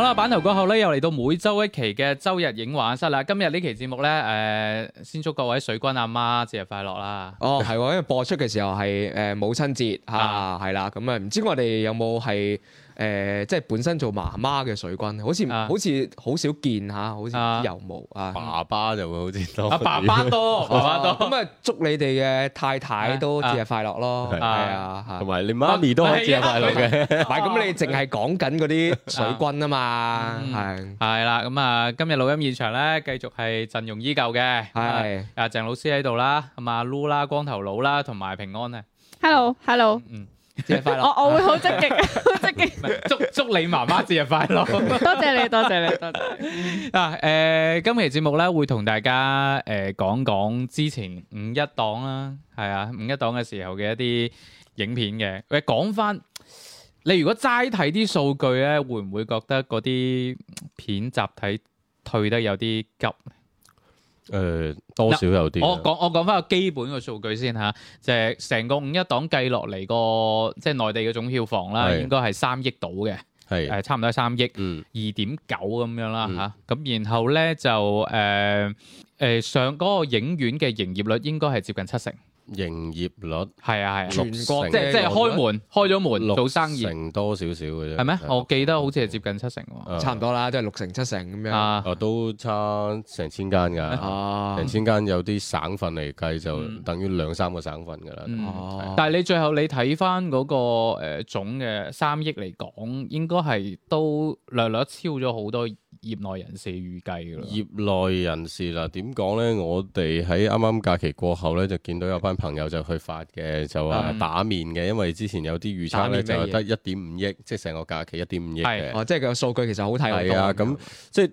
好啦，版頭過後咧，又嚟到每周一期嘅周日映畫室啦。今日呢期節目咧，誒、呃，先祝各位水軍阿媽節日快樂啦。哦，係，因為播出嘅時候係誒母親節吓，係啦。咁啊，唔、嗯、知我哋有冇係？誒，即係本身做媽媽嘅水軍，好似好似好少見嚇，好似油毛啊。爸爸就會好似多啲。啊，爸爸多，爸爸多。咁啊，祝你哋嘅太太都節日快樂咯，係啊，同埋你媽咪都可以節日快樂嘅。唔係，咁你淨係講緊嗰啲水軍啊嘛，係。係啦，咁啊，今日錄音現場咧，繼續係陣容依舊嘅，係阿鄭老師喺度啦，同埋阿 Loo 啦，光頭佬啦，同埋平安啊。Hello，Hello，嗯。節日快樂！ 我我會好積極，好積極。祝祝 你媽媽節日快樂！ 多謝你，多謝你，多謝。嗱、啊，誒、呃，今期節目咧會同大家誒講講之前五一檔啦，係啊五一檔嘅時候嘅一啲影片嘅，喂，講翻。你如果齋睇啲數據咧，會唔會覺得嗰啲片集體退得有啲急？誒、呃、多少有啲，我講我講翻個基本嘅數據先嚇，即係成個五一檔計落嚟個即係內地嘅總票房啦，是應該係三億度嘅，係誒是差唔多係三億，嗯，二點九咁樣啦嚇，咁、嗯啊、然後咧就誒誒、呃、上嗰、那個影院嘅營業率應該係接近七成。營業率係啊，係啊，全國即係即係開門開咗門做生意，成多少少嘅啫。係咩？我記得好似係接近七成喎，差唔多啦，即係六成七成咁樣。啊，都差成千間㗎，成千間有啲省份嚟計就等於兩三個省份㗎啦。哦，但係你最後你睇返嗰個誒總嘅三億嚟講，應該係都略略超咗好多。業內人士預計㗎啦。業內人士啦，點講咧？我哋喺啱啱假期過後咧，就見到有班朋友就去發嘅，就話打面嘅，因為之前有啲預測咧，就係得一點五億，即係成個假期一點五億嘅。係啊。哦，即係佢個數據其實好睇。係啊，咁即係。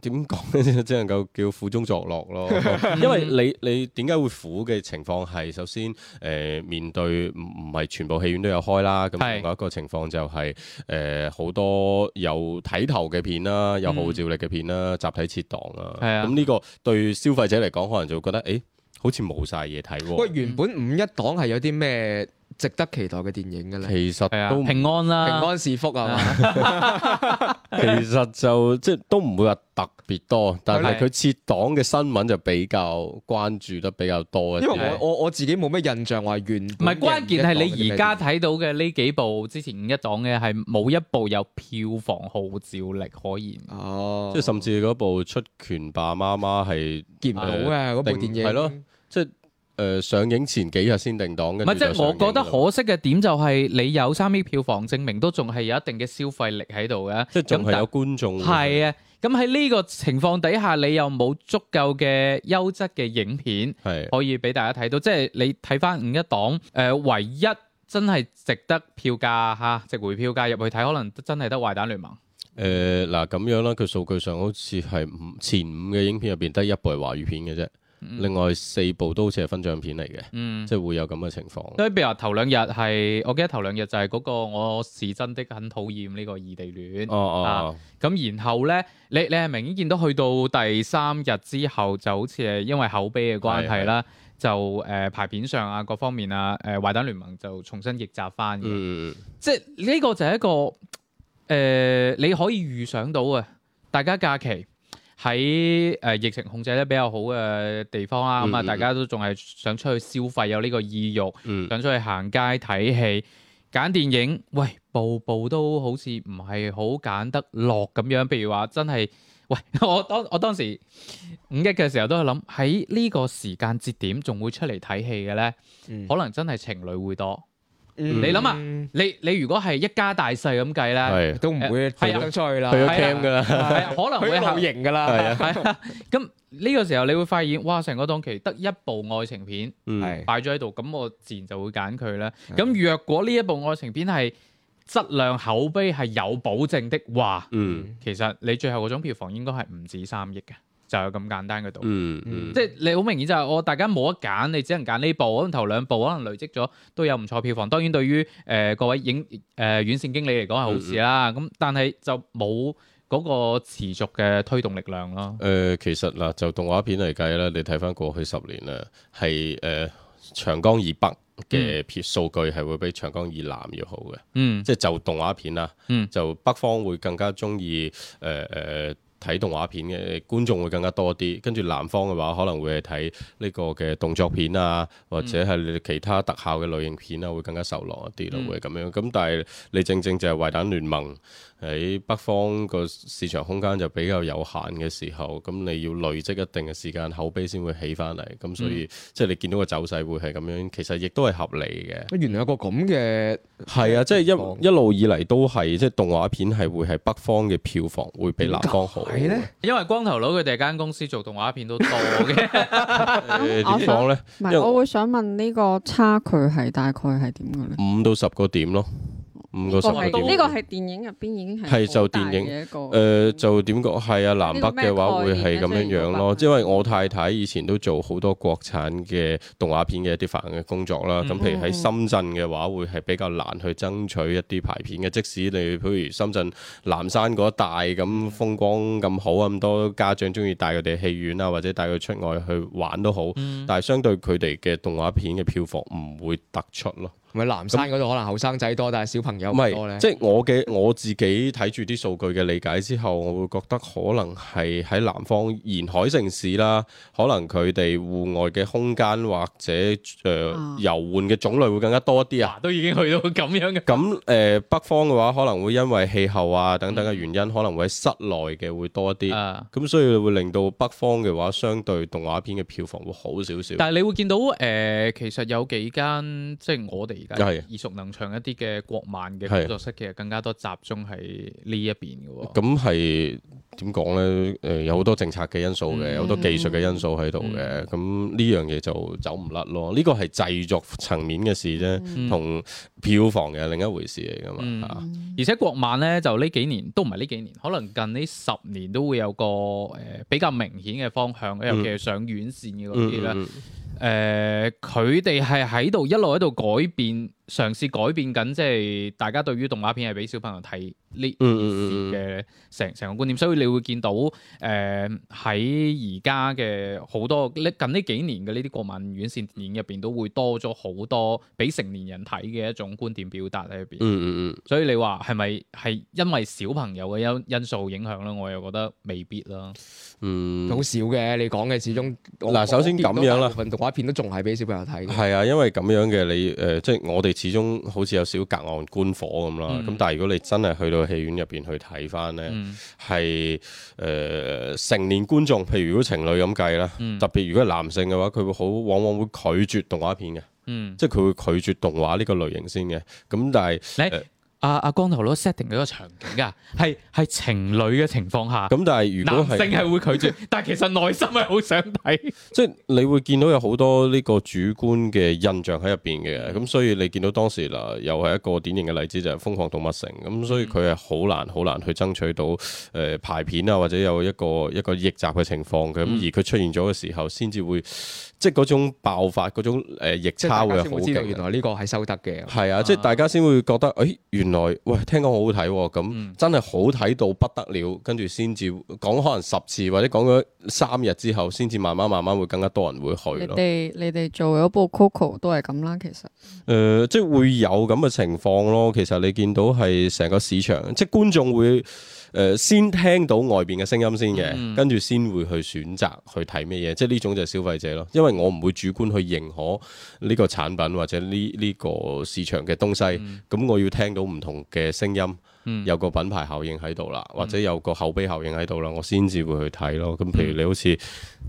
點講呢？只能夠叫苦中作樂咯。 因為你你點解會苦嘅情況係，首先誒、呃、面對唔唔係全部戲院都有開啦。咁另外一個情況就係誒好多有睇頭嘅片啦，有號召力嘅片啦，嗯、集體撤檔啊。咁呢、啊、個對消費者嚟講，可能就會覺得誒、欸、好似冇晒嘢睇。喂，原本五一檔係有啲咩？值得期待嘅電影嘅咧，其實都平安啦，平安是福啊嘛，其實就即係都唔會話特別多，但係佢撤檔嘅新聞就比較關注得比較多。因為我我我自己冇咩印象話怨。唔係關鍵係你而家睇到嘅呢幾部之前五一檔嘅係冇一部有票房號召力可言。哦，即係甚至嗰部出拳吧媽媽係見唔到嘅嗰部電影。係咯，即係。誒，上映前幾日先定檔嘅。唔係，即係我覺得可惜嘅點就係，你有三億票房證明，都仲係有一定嘅消費力喺度嘅。即係仲係有觀眾。係啊，咁喺呢個情況底下，你又冇足夠嘅優質嘅影片，可以俾大家睇到。即係你睇翻五一檔，誒，唯一真係值得票價吓，值回票價入去睇，可能真係得《壞蛋聯盟》。誒，嗱咁樣啦，佢數據上好似係前五嘅影片入邊得一部係華語片嘅啫。另外四部都好似係分賬片嚟嘅，嗯、即係會有咁嘅情況。所以譬如話頭兩日係，我記得頭兩日就係嗰、那個我是真的很討厭呢個異地戀。哦，哦哦，咁然後咧，你你係明顯見到去到第三日之後，就好似係因為口碑嘅關係啦的，就誒、呃、排片上啊各方面啊，誒壞蛋聯盟就重新逆襲翻嘅。嗯、即係呢、這個就係一個誒、呃，你可以預想到嘅，大家假期。喺誒疫情控制得比較好嘅地方啦，咁啊、嗯、大家都仲係想出去消費，有呢個意欲，嗯、想出去行街睇戲、揀、嗯、電影。喂，部部都好似唔係好揀得落咁樣。譬如話，真係，喂，我當我當時五一嘅時候都係諗，喺呢個時間節點仲會出嚟睇戲嘅呢？嗯、可能真係情侶會多。嗯、你諗啊，你你如果係一家大細咁計咧，的都唔會追出去咗噶啦，可能會后型噶啦。咁呢的個時候你會發現，哇，成個檔期得一部愛情片擺咗喺度，咁的我自然就會揀佢咧。咁若的果呢一部愛情片係質量口碑係有保證的話，嗯、其實你最後嗰總票房應該係唔止三億嘅。就有咁簡單嘅道理，嗯嗯、即係你好明顯就係我大家冇得揀，你只能揀呢部，咁頭兩部可能累積咗都有唔錯票房。當然對於誒、呃、各位影誒院、呃、線經理嚟講係好事啦。咁、嗯嗯、但係就冇嗰個持續嘅推動力量咯。誒、呃，其實嗱就動畫片嚟計咧，你睇翻過去十年咧，係誒、呃、長江以北嘅票數據係會比長江以南要好嘅。嗯，即係就動畫片啦，嗯、就北方會更加中意誒誒。呃呃睇動畫片嘅觀眾會更加多啲，跟住南方嘅話可能會係睇呢個嘅動作片啊，或者係你哋其他特效嘅類型片啊，會更加受落一啲咯，嗯、會咁樣。咁但係你正正就係《壞蛋聯盟》喺北方個市場空間就比較有限嘅時候，咁你要累積一定嘅時間口碑先會起翻嚟。咁所以、嗯、即係你見到個走勢會係咁樣，其實亦都係合理嘅。原來有個咁嘅係啊，即、就、係、是、一一路以嚟都係即係動畫片係會係北方嘅票房會比南方好。係咧，因為光頭佬佢哋間公司做動畫片都多嘅。點講咧？唔係，因為我會想問呢個差距係大概係點嘅咧？五到十個點咯。五個十呢個係、這個、電影入邊已經係好大嘅一個。就點講？係個、呃、啊，南北嘅話會係咁樣樣咯。因為我太太以前都做好多國產嘅動畫片嘅一啲發行嘅工作啦。咁譬、嗯、如喺深圳嘅話，會係比較難去爭取一啲排片嘅。嗯、即使你譬如深圳南山嗰帶咁風光咁好，咁多家長鍾意帶佢哋戲院啊，或者帶佢出外去玩都好。嗯、但係相對佢哋嘅動畫片嘅票房唔會突出咯。唔係南山嗰度可能後生仔多，那但係小朋友唔係，即係、就是、我嘅我自己睇住啲數據嘅理解之後，我會覺得可能係喺南方沿海城市啦，可能佢哋戶外嘅空間或者誒、呃嗯、遊玩嘅種類會更加多一啲啊，啊。都已經去到咁樣嘅。咁誒、呃、北方嘅話可能會因為氣候啊等等嘅原因，嗯、可能會喺室內嘅會多一啲。咁、嗯、所以會令到北方嘅話相對動畫片嘅票房會好少少。但係你會見到誒、呃、其實有幾間即係我哋。而家係耳熟能詳一啲嘅國漫嘅工作室，其實更加多集中喺呢一邊嘅喎。咁係點講咧？誒、呃，有好多政策嘅因素嘅，有好多技術嘅因素喺度嘅。咁呢、嗯嗯、樣嘢就走唔甩咯。呢個係製作層面嘅事啫，同、嗯、票房嘅另一回事嚟噶嘛。嚇、嗯！嗯、而且國漫咧，就呢幾年都唔係呢幾年，可能近呢十年都會有個誒比較明顯嘅方向，嗯、尤其係上院線嘅嗰啲咧。嗯嗯誒佢哋係喺度一路喺度改變。嘗試改變緊，即係大家對於動畫片係俾小朋友睇呢啲嘅成成個觀念，所以你會見到誒喺而家嘅好多呢近呢幾年嘅呢啲國漫院線電影入邊都會多咗好多俾成年人睇嘅一種觀點表達喺入邊。嗯嗯嗯。所以你話係咪係因為小朋友嘅因因素影響咧？我又覺得未必啦。嗯，好少嘅你講嘅，始終嗱首先咁樣啦，份動畫片都仲係俾小朋友睇。係啊，因為咁樣嘅你誒，即係我哋。始終好似有少隔岸觀火咁啦，咁、嗯、但係如果你真係去到戲院入邊去睇翻呢，係誒、嗯呃、成年觀眾，譬如如果情侶咁計啦，嗯、特別如果係男性嘅話，佢會好往往會拒絕動畫片嘅，嗯、即係佢會拒絕動畫呢個類型先嘅。咁但係。來呃阿阿、啊啊、光頭佬 setting 嗰個場景啊，係係情侶嘅情況下，咁但係如果男性係會拒絕， 但係其實內心係好想睇，即、就、係、是、你會見到有好多呢個主觀嘅印象喺入邊嘅，咁所以你見到當時嗱又係一個典型嘅例子就係、是《瘋狂動物城》，咁所以佢係好難好難去爭取到誒、呃、排片啊，或者有一個一個逆襲嘅情況嘅，咁而佢出現咗嘅時候，先至會即係嗰種爆發嗰種逆差、so、會好勁。原來呢個係修得嘅，係啊，即係大家先會覺得誒原來喂，聽講好、哦嗯、好睇喎，咁真係好睇到不得了，跟住先至講可能十次或者講咗三日之後，先至慢慢慢慢會更加多人會去咯。你哋做嗰部 Coco 都係咁啦，其實誒、呃，即係會有咁嘅情況咯。其實你見到係成個市場，即係觀眾會。先聽到外邊嘅聲音先嘅，跟住、嗯、先會去選擇去睇咩嘢，即係呢種就係消費者咯。因為我唔會主觀去認可呢個產品或者呢呢個市場嘅東西，咁、嗯、我要聽到唔同嘅聲音，有個品牌效應喺度啦，嗯、或者有個口碑效應喺度啦，我先至會去睇咯。咁譬如你好似，嗯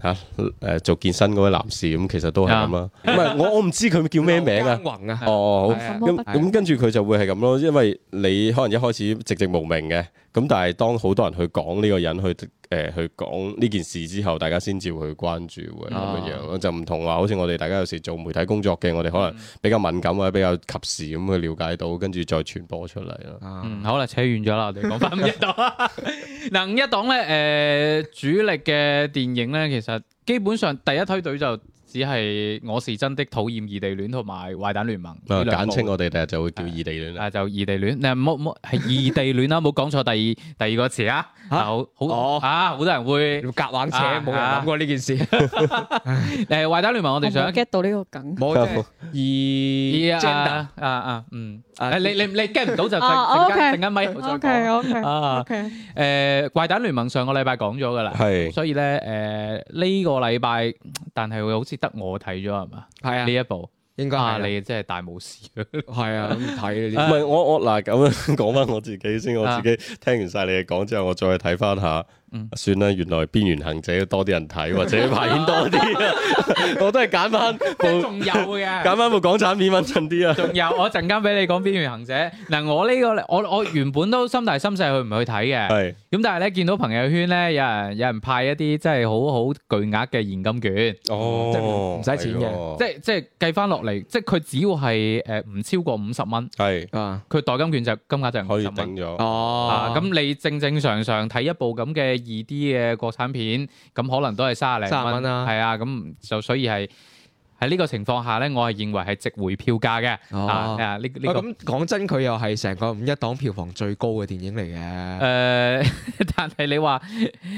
嚇、誒，做健身嗰位男士咁，其實都係咁啦。唔係我我唔知佢叫咩名啊。哦，咁、咁跟住佢就會係咁咯，因為你可能一開始寂寂無名嘅，咁但係當好多人去講呢個人去、誒去講呢件事之後，大家先至會去關注會咁樣樣，就唔同話好似我哋大家有時做媒體工作嘅，我哋可能比較敏感或者比較及時咁去了解到，跟住再傳播出嚟啦。好啦，扯遠咗啦，我哋講翻五一檔。嗱，五一檔咧、誒主力嘅電影咧，其其實基本上第一梯隊就只係我是真的討厭異地戀同埋壞蛋聯盟。啊，簡稱我哋第日就會叫異地戀啦。啊，就異地戀，你冇冇係異地戀啦？冇講錯第二第二個詞啊。好好好多人會夾硬扯，冇人諗過呢件事。誒，壞蛋聯盟我哋想 get 到呢個梗。冇異啊啊嗯。誒、uh,，你你你驚唔到就等陣間咪，啊，誒，怪蛋聯盟上個禮拜講咗噶啦，係，所以咧，誒，呢個禮拜，但係會好似得我睇咗係嘛？係啊，呢一部，應該啊，你即係大冇事，係啊，咁睇啲。唔係我我嗱咁樣講翻我自己先， 我自己聽完晒你嘅講之後，我再去睇翻下。 嗯，算啦，原來《邊緣行者》多啲人睇，或者排片多啲啊！我都係揀翻，仲有嘅，揀翻部港產片穩陣啲啊！仲有，我陣間俾你講《邊緣行者》嗱，我呢個我我原本都心大心細去唔去睇嘅，係咁，但係咧見到朋友圈咧有人有人派一啲即係好好巨額嘅現金券，哦，即係唔使錢嘅，即即係計翻落嚟，即係佢只要係誒唔超過五十蚊，係啊，佢代金券就金額就五十蚊，可以整咗哦，咁你正正常常睇一部咁嘅，二 D 嘅國產片，咁可能都係三十零蚊，係啊，咁就所以係。喺呢個情況下咧，我係認為係值回票價嘅。哦、啊，啊、這個，呢呢咁講真，佢又係成個五一檔票房最高嘅電影嚟嘅。誒、呃，但係你話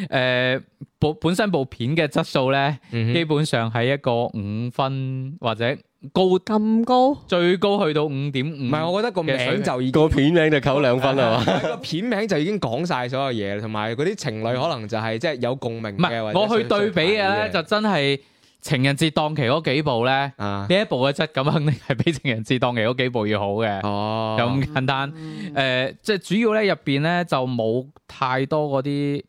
誒部本身部片嘅質素咧，嗯、哼基本上係一個五分或者高咁高，最高去到五點五。唔係，我覺得個名就已經個片名就扣兩分啦。啊、個片名就已經講晒所有嘢，同埋嗰啲情侶可能就係即係有共鳴唔係，我去對比嘅咧，就真係。情人節檔期嗰幾部咧，呢、啊、一部嘅質感肯定係比情人節檔期嗰幾部要好嘅。哦，咁簡單。誒、嗯呃，即係主要咧入邊咧就冇太多嗰啲，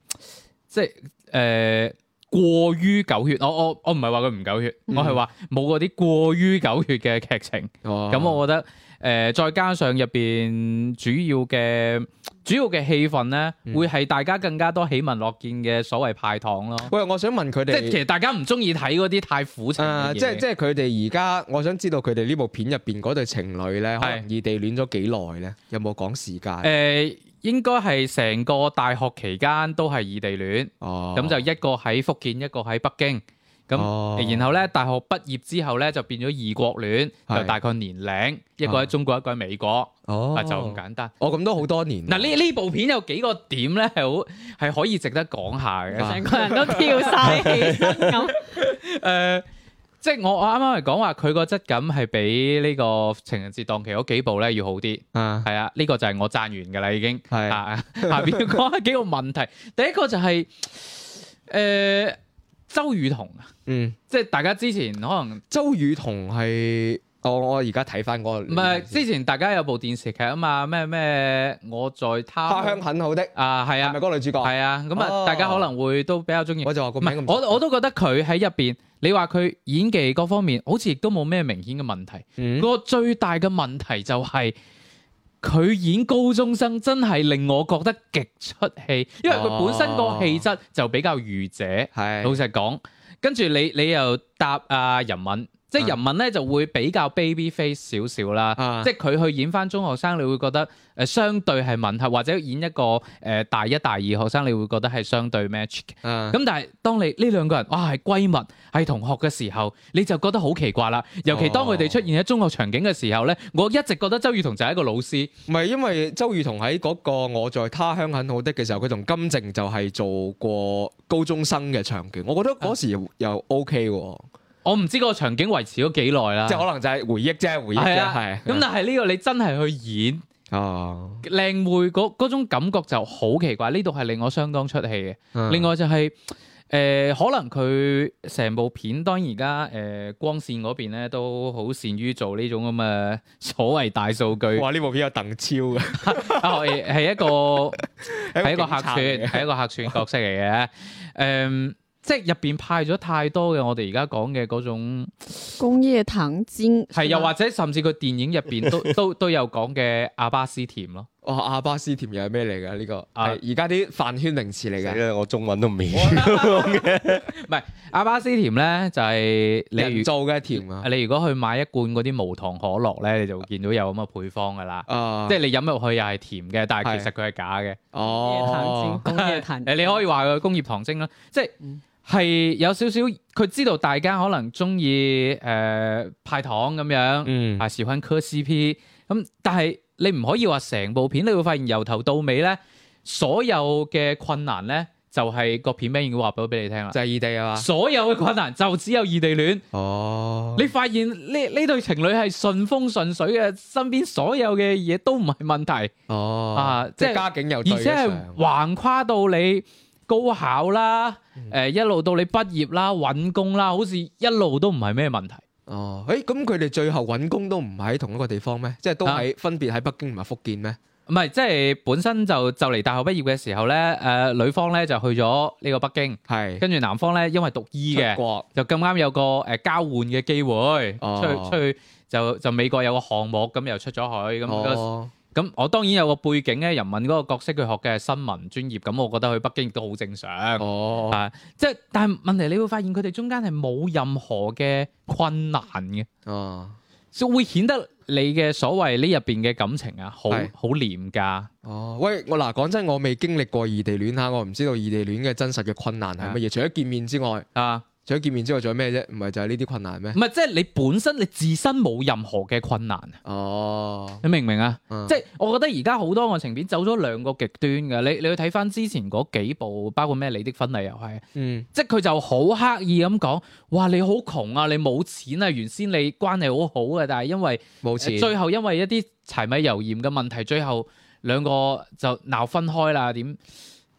即係誒、呃、過於狗血。我我我唔係話佢唔狗血，嗯、我係話冇嗰啲過於狗血嘅劇情。哦，咁我覺得誒、呃，再加上入邊主要嘅。主要嘅氣氛呢，會係大家更加多喜聞樂見嘅所謂派糖咯。喂，我想問佢哋，即係其實大家唔中意睇嗰啲太苦情、呃。即係即係佢哋而家，我想知道佢哋呢部片入邊嗰對情侶咧，異地戀咗幾耐呢？有冇講時間？誒、呃，應該係成個大學期間都係異地戀。哦，咁就一個喺福建，一個喺北京。咁，然後咧，大學畢業之後咧，就變咗異國戀，就是大概年齡，一個喺中國，啊、一個喺美國，啊、就咁簡單。我咁、哦哦、都好多年。嗱、啊，呢呢部片有幾個點咧，係好係可以值得講下嘅。成、啊、個人都跳晒起身咁。誒、 呃，即係我我啱啱嚟講話，佢個質感係比呢個情人節檔期嗰幾部咧要好啲。嗯，係啊，呢、啊這個就係我贊完嘅啦，已經。係啊是， 下邊講下幾個問題。第一個就係、是、誒。呃呃周雨彤啊，嗯，即係大家之前可能周雨彤係，我我而家睇翻嗰個，唔係之前大家有部電視劇啊嘛，咩咩我在他鄉很好的啊，係啊，係咪嗰個女主角？係啊，咁啊、哦，大家可能會都比較中意。我就話個名咁，我我都覺得佢喺入邊，你話佢演技各方面，好似亦都冇咩明顯嘅問題。個、嗯、最大嘅問題就係、是。佢演高中生真係令我覺得極出戲，因為佢本身個氣質就比較御姐。哦、老實講，跟住你你又答啊任敏。即係人民咧就會比較 baby face 少少啦，嗯、即係佢去演翻中學生，你會覺得誒相對係吻合，或者演一個誒、呃、大一大二學生，你會覺得係相對 match 嘅。咁、嗯、但係當你呢兩個人哇係閨蜜係同學嘅時候，你就覺得好奇怪啦。尤其當佢哋出現喺中學場景嘅時候咧，哦、我一直覺得周雨彤就係一個老師，唔係因為周雨彤喺嗰個我在他鄉很好的嘅時候，佢同金靖就係做過高中生嘅場景，我覺得嗰時又、嗯、OK 喎。我唔知嗰個場景維持咗幾耐啦，即係可能就係回憶啫，回憶啫。係咁、啊啊、但係呢個你真係去演哦，靚妹嗰種感覺就好奇怪。呢度係令我相當出戲嘅。嗯、另外就係、是、誒、呃，可能佢成部片當然而家誒光線嗰邊咧都好善於做呢種咁嘅所謂大數據。哇！呢部片有鄧超嘅，係 一個係一個客串，係一個客串角色嚟嘅。誒、嗯。即係入邊派咗太多嘅，我哋而家講嘅嗰種工業糖精，係嗎又或者甚至佢電影入邊都都 都有講嘅阿巴斯甜咯。哦，阿巴斯甜又係咩嚟噶？呢個係而家啲飯圈名詞嚟嘅，因為我中文都唔明。唔係阿巴斯甜咧，就係、是、人造嘅甜啊。你如果去買一罐嗰啲無糖可樂咧，你就會見到有咁嘅配方噶啦。啊啊、即係你飲入去又係甜嘅，但係其實佢係假嘅。哦、嗯，工業糖精，工業糖。誒、嗯，你可以話佢工業糖精啦，即、嗯、係。嗯係有少少，佢知道大家可能中意誒派糖咁樣，啊時分磕 CP 咁，但係你唔可以話成部片，你會發現由頭到尾咧，所有嘅困難咧就係、是、個片名已經話咗俾你聽啦，就係異地啊嘛！所有嘅困難就只有異地戀 哦。你發現呢呢對情侶係順風順水嘅，身邊所有嘅嘢都唔係問題哦啊，即係是家境又，而且係橫跨到你。高考啦，誒、呃、一路到你畢業啦、揾工啦，好似一路都唔係咩問題。哦，誒咁佢哋最後揾工都唔喺同一個地方咩？即係都係、啊、分別喺北京唔係福建咩？唔係，即係本身就就嚟大學畢業嘅時候咧，誒、呃、女方咧就去咗呢個北京，係跟住男方咧因為讀醫嘅，國就咁啱有個誒交換嘅機會，哦、出去出去就就美國有個項目咁又出咗去咁。哦。咁我當然有個背景咧，任敏嗰個角色佢學嘅係新聞專業，咁我覺得去北京亦都好正常。哦，啊，即係但係問題，你會發現佢哋中間係冇任何嘅困難嘅。哦，就會顯得你嘅所謂呢入邊嘅感情啊，好好是廉價。哦，喂，我嗱講真，我未經歷過異地戀吓，我唔知道異地戀嘅真實嘅困難係乜嘢，啊、除咗見面之外啊。除咗見面之外，仲有咩啫？唔係就係呢啲困難咩？唔係，即係你本身你自身冇任何嘅困難哦，你明唔明啊？嗯、即係我覺得而家好多愛情片走咗兩個極端嘅，你你去睇翻之前嗰幾部，包括咩你的婚禮又係，嗯、即係佢就好刻意咁講，哇！你好窮啊，你冇錢啊，原先你關係好好嘅，但係因為冇錢，最後因為一啲柴米油鹽嘅問題，最後兩個就鬧分開啦，點？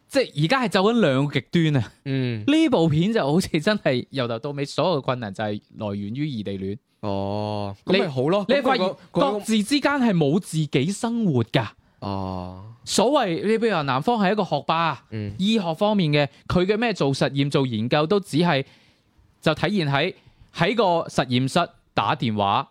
即係而家係走緊兩個極端啊！嗯，呢部片就好似真係由頭到尾所有嘅困難就係來源於異地戀。哦，好啊，你咪好咯，你發現各自之間係冇自己生活㗎。哦，所謂你譬如話男方係一個學霸，嗯，醫學方面嘅，佢嘅咩做實驗做研究都只係就體現喺喺個實驗室打電話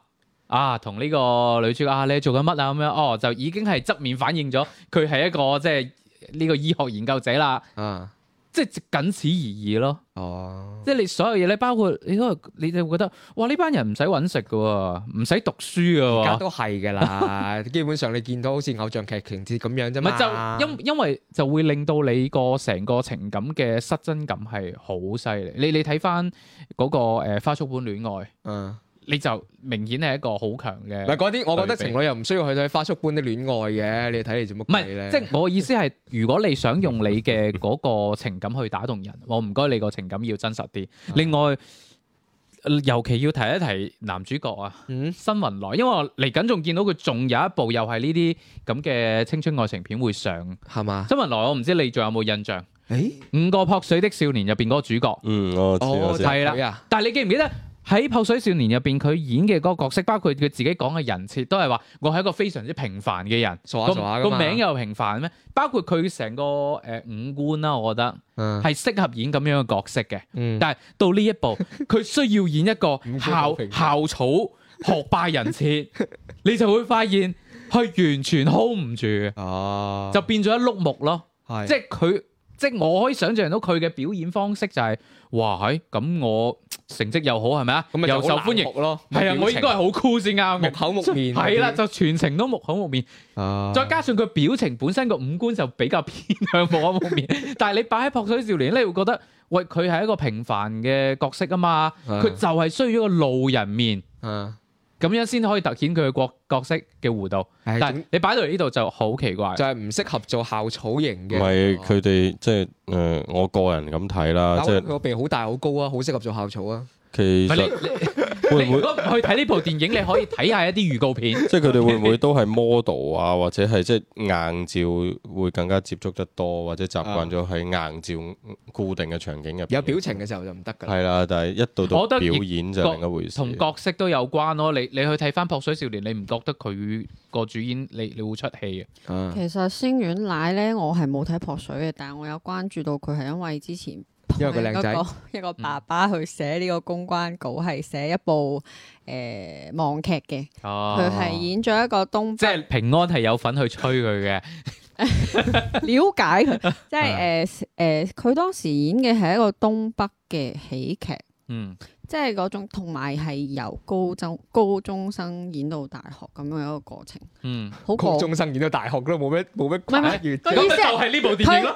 啊，同呢個女主角啊，你做緊乜啊咁樣？哦，就已經係側面反映咗佢係一個即係。 呢個醫學研究者啦，啊、嗯，即係僅此而已咯。哦，即係你所有嘢咧，包括你都你就會覺得，哇！呢班人唔使搵食嘅喎，唔使讀書嘅喎，都係嘅啦。 基本上你見到好似偶像劇情節咁樣啫嘛。唔係就因因為就會令到你個成個情感嘅失真感係好犀利。你你睇翻嗰個、呃、花束般戀愛，嗯。你就明顯係一個好強嘅，唔係嗰啲，我覺得情侶又唔需要去睇花束般的戀愛嘅，你睇你做乜？即係我意思係，如果你想用你嘅嗰個情感去打動人，我唔該你個情感要真實啲。另外，尤其要提一提男主角啊，嗯、新雲來，因為我嚟緊仲見到佢，仲有一部又係呢啲咁嘅青春愛情片會上，係嘛嗎？新雲來，我唔知你仲有冇印象？誒、欸，五個撲水的少年入邊嗰個主角，嗯，我啦，但係你記唔記得？喺《泡水少年》入邊，佢演嘅嗰個角色，包括佢自己講嘅人設，都係話我係一個非常之平凡嘅人，傻下傻下噶嘛。個名又平凡咩？包括佢成個誒、呃、五官啦、啊，我覺得係適、嗯、合演咁樣嘅角色嘅。嗯、但係到呢一步，佢需要演一個校 校草、學霸人設， 你就會發現佢完全 hold 唔住，哦、就變咗一碌木咯。是即係佢，即係我可以想象到佢嘅表演方式就係、是：，哇，咁我。成績又好係咪啊？是是又受，受歡迎咯，係啊！我應該係好酷先啱嘅，木口木面，係啦就面、啊，就全程都木口木面。啊、再加上佢表情本身個五官就比較偏向木口木面， 但係你擺喺《潑水少年撲水少年》咧，你會覺得喂，佢係一個平凡嘅角色啊嘛，佢、啊、就係需要一個路人面。啊咁樣先可以突顯佢嘅角角色嘅弧度，但你擺到嚟呢度就好奇怪，就係唔適合做校草型嘅。唔係佢哋即係，誒、啊就係呃，我個人咁睇啦，即係個鼻好大好高啊，好適合做校草啊。其實。 你如果去睇呢部電影， 你可以睇下一啲預告片。即係佢哋會唔會都係 model 啊， 或者係即係硬照會更加接觸得多，或者習慣咗喺硬照固定嘅場景入邊、嗯？有表情嘅時候就唔得㗎。係啦，但係一到到表演就另一回事。同角色都有關咯。你你去睇翻《撲水少年》，你唔覺得佢個主演你你會出戲啊？嗯、其實辛雲來呢，我係冇睇《撲水》嘅，但係我有關注到佢係因為之前。一個靚仔，一個爸爸去寫呢個公關稿，係寫、嗯、一部誒網劇嘅。佢、呃、係、哦、演咗一個東北，即係平安係有份去吹佢嘅。 了解佢他， 即係誒誒，佢、呃呃、當時演嘅係一個東北嘅喜劇。嗯。即係嗰種，同埋係由高中高中生演到大學咁樣一個過程。嗯，高中生演到大學都冇咩冇咩關係。個意思就係呢部電影咯。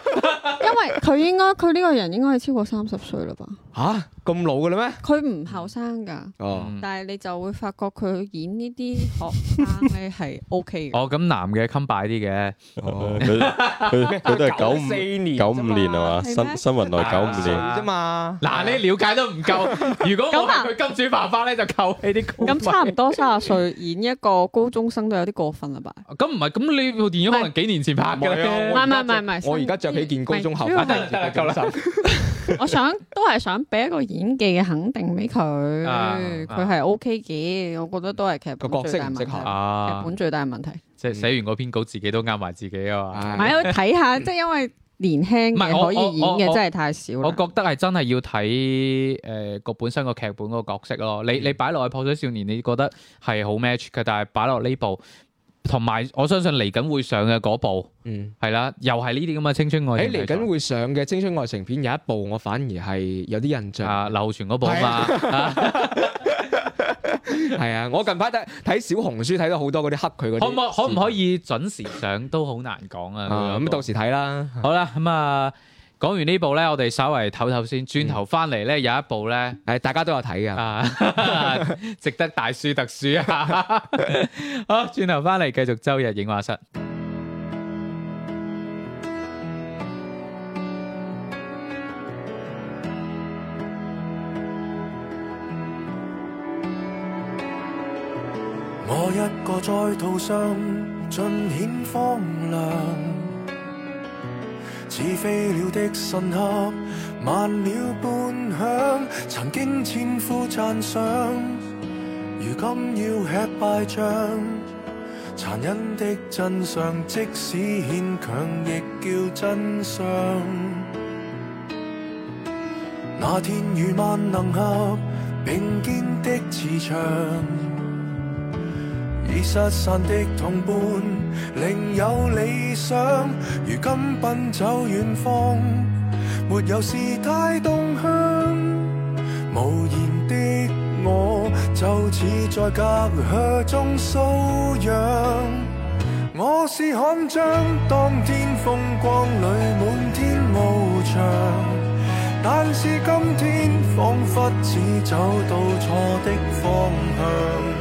因為佢應該佢呢個人應該係超過三十歲嘞吧？吓？咁老嘅嘞咩？佢唔後生㗎。哦。但係你就會發覺佢演呢啲學生嘅係 OK 嘅。哦，咁男嘅襟擺啲嘅。佢都係九五年九五年係嘛？新新雲來九五年啫嘛。嗱，你了解都唔夠。咁啊！佢金主爸爸咧就扣起啲工。咁差唔多三十歲演一個高中生都有啲過分啦吧？咁唔係，咁呢部電影可能幾年前拍嘅。唔係唔係唔係，我而家着起件高中校服得啦，夠啦。我想都係想俾一個演技嘅肯定俾佢。佢係 OK 嘅，我覺得都係劇本個角色即係合，劇本最大問題。即係寫完嗰篇稿，自己都啱埋自己啊嘛。係啊，睇下即係因為。年輕嘅可以演嘅真係太少。我我我我，我覺得係真係要睇誒個本身個劇本嗰個角色咯。你你擺落去破水少年，你覺得係好 match 嘅，但係擺落呢部。同埋我相信嚟緊會上嘅嗰部，係啦、嗯，又係呢啲咁嘅青春愛情。誒嚟緊會上嘅青春愛情片，欸、愛情片有一部，我反而係有啲印象。啊，劉昊然嗰部啊嘛，係對 啊， 的我近排睇睇小紅書睇到多好多嗰啲黑佢嗰啲。可唔可可唔可以準時上都好難講啊？咁到時睇啦。 好啦，咁、嗯、啊。 講完部呢部咧，我哋稍微唞唞先，轉頭翻嚟咧有一部咧，誒、哎，大家都有睇嘅， 值得大書特書一下。 好，轉頭翻嚟繼續周日映畫室。 我一個在途上，盡顯荒涼。似飛鳥的信軀，慢了半晌，曾經千夫讚賞，如今要吃敗仗。殘忍的真相，即使牽強亦叫真相。那天與萬能俠並肩的磁場。已失散的同伴，另有理想。如今奔走遠方，沒有事太動向。無言的我，就似在隔靴中搔癢。我是寒章，當天風光裏滿天翱翔。但是今天，仿佛只走到錯的方向。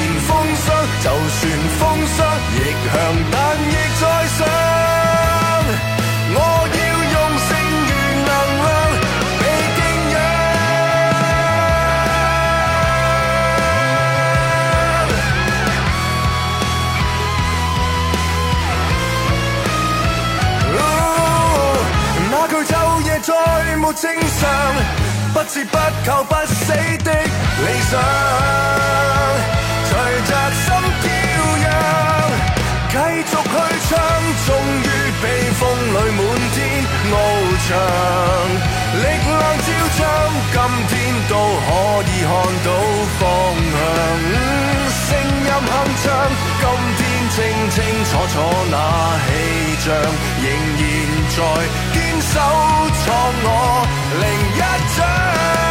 全風霜亦強，但亦再上。我要用剩餘能量被敬仰。 Ooh, 那懼晝夜再沒清晨，不折不扣不死的理想。繼續去唱，終於被風裏滿天翱翔。力量昭彰，今天都可以看到方向。聲、嗯、音鏗鏘，今天清清楚楚那氣象，仍然在堅守創我另一章。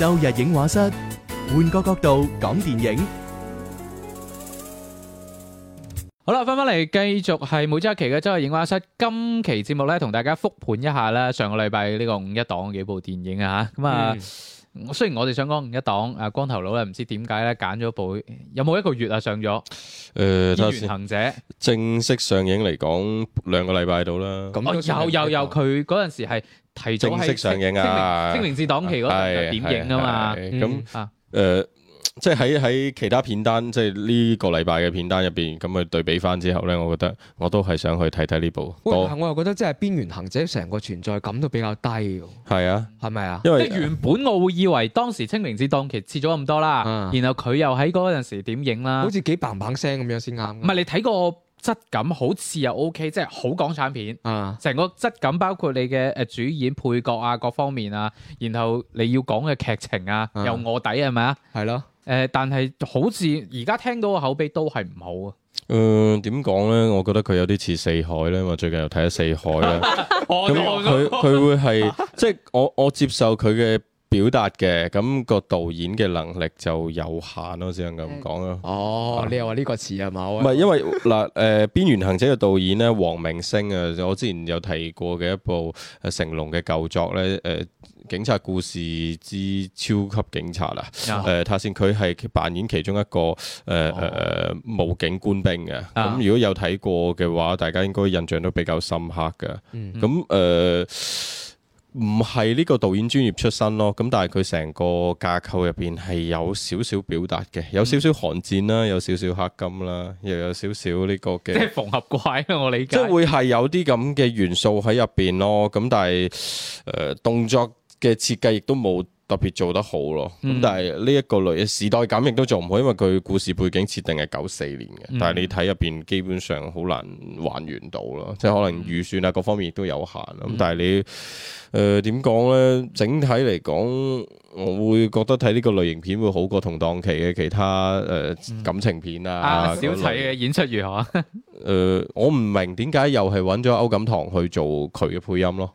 周日映畫室，換個角度講電影。好啦，返返嚟繼續係每周一期嘅周日映畫室。今期節目咧，同大家複盤一下啦。上個禮拜呢個五一檔嘅幾部電影啊吓，咁啊，雖然我哋想講五一檔啊，光頭佬咧唔知點解咧揀咗部，有冇一個月啊上咗？誒，先行者正式上映嚟講，兩個禮拜度啦。咁又又又，佢嗰陣時係。正式上映啊清，清明節檔期嗰陣就點映啊嘛，咁誒即係喺喺其他片單，即係呢個禮拜嘅片單入邊，咁去對比翻之後咧，我覺得我都係想去睇睇呢部。喂，那我又覺得即係《邊緣行者》成個存在感都比較低。係的的啊，係咪啊？因為即原本我會以為當時清明節檔期切咗咁多啦，嗯、然後佢又喺嗰陣時點映啦，好似幾棒棒聲咁樣先啱。唔係你睇過？質感好似又 OK，即係好港產片，成、嗯、個質感包括你嘅誒主演、配角啊各方面啊，然後你要講嘅劇情啊，又臥底係咪啊？係咯吧，誒，但係好似而家聽到嘅口碑都係唔好啊。誒點講咧？我覺得佢有啲似四海咧，我最近又睇咗四海啦。咁佢佢會係 即係我我接受佢嘅。表達嘅，咁、那個導演嘅能力就有限咯，只能咁講咯。哦，啊、你又話呢個詞係冇唔係？因為嗱，誒、 呃，邊緣行者嘅導演咧，黃明升啊，我之前有提過嘅一部成龍嘅舊作咧，誒、呃，《警察故事之超級警察》啦、啊，誒、呃，塔扇佢係扮演其中一個誒誒誒武警官兵嘅。咁、啊啊、如果有睇過嘅話，大家應該印象都比較深刻嘅。咁誒、嗯。嗯唔係呢個導演專業出身咯，咁但係佢成個架構入邊係有少少表達嘅，有少少寒戰啦，有少少黑金啦，又有少少呢個嘅。即係縫合怪我理解。即係會係有啲咁嘅元素喺入邊咯，咁但係誒、呃、動作嘅設計亦都冇。特別做得好咯，咁、嗯、但係呢一個類時代感亦都做唔好，因為佢故事背景設定係九四年嘅，嗯、但係你睇入邊基本上好難還原到啦，嗯、即係可能預算啊各方面都有限，咁、嗯、但係你誒點講咧？整體嚟講，我會覺得睇呢個類型片會好過同檔期嘅其他誒、呃、感情片啊。嗯、啊小齊嘅演出如何？誒 呃，我唔明點解又係揾咗歐錦棠去做佢嘅配音咯。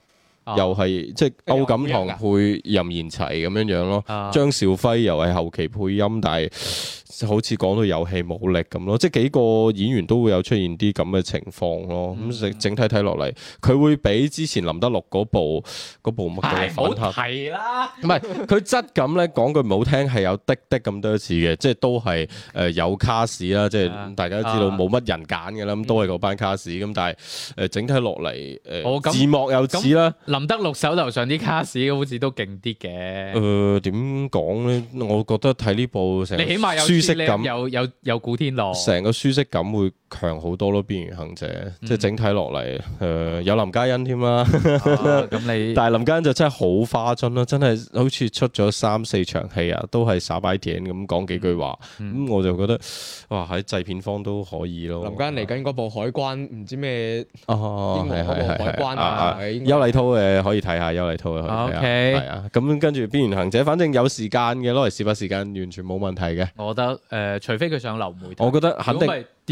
又係即係歐錦棠配任賢齊咁樣樣咯，張兆輝又係後期配音，但係好似講到有氣冇力咁咯，即係幾個演員都會有出現啲咁嘅情況咯。咁整體睇落嚟，佢會比之前林德禄嗰部嗰部乜嘢好睇啦？唔係佢質感咧，講句唔好聽係有滴滴咁多次嘅，即係都係誒有卡士啦，即係大家都知道冇乜人揀嘅啦，咁都係嗰班卡士。咁但係誒整體落嚟誒字幕有似啦。林德六手頭上啲卡士好似都勁啲嘅。誒點講咧？我覺得睇呢部成，你起碼有舒適感，有有有古天樂。成個舒適感會強好多咯，《邊緣行者》即係整體落嚟誒，有林嘉欣添啦。咁你，但係林嘉欣就真係好花樽咯，真係好似出咗三四場戲啊，都係耍擺頂咁講幾句話。咁我就覺得哇，喺製片方都可以咯。林嘉欣嚟緊嗰部海關唔知咩邊防海關啊，邱禮濤嘅。誒，可以睇下《幽靈圖》啊，係啊，咁跟住《邊緣行者》，反正有時間嘅，攞嚟試下時間完全冇問題嘅。我覺得誒，除非佢上流會，我覺得肯定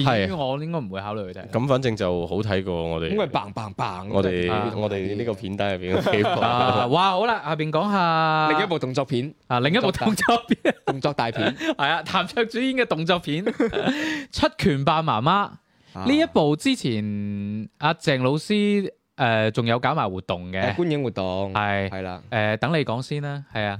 係，我應該唔會考慮去睇。咁反正就好睇過我哋，因為棒棒棒，我哋我哋呢個片底入邊幾快啊！哇，好啦，下邊講下另一部動作片啊，另一部動作片，動作大片係啊，譚卓主演嘅動作片《出拳吧，媽媽》呢一部之前阿鄭老師。誒，仲、呃、有搞埋活動嘅、呃，觀影活動係係啦。誒係、係嘅、呃，等你講先啦，係啊。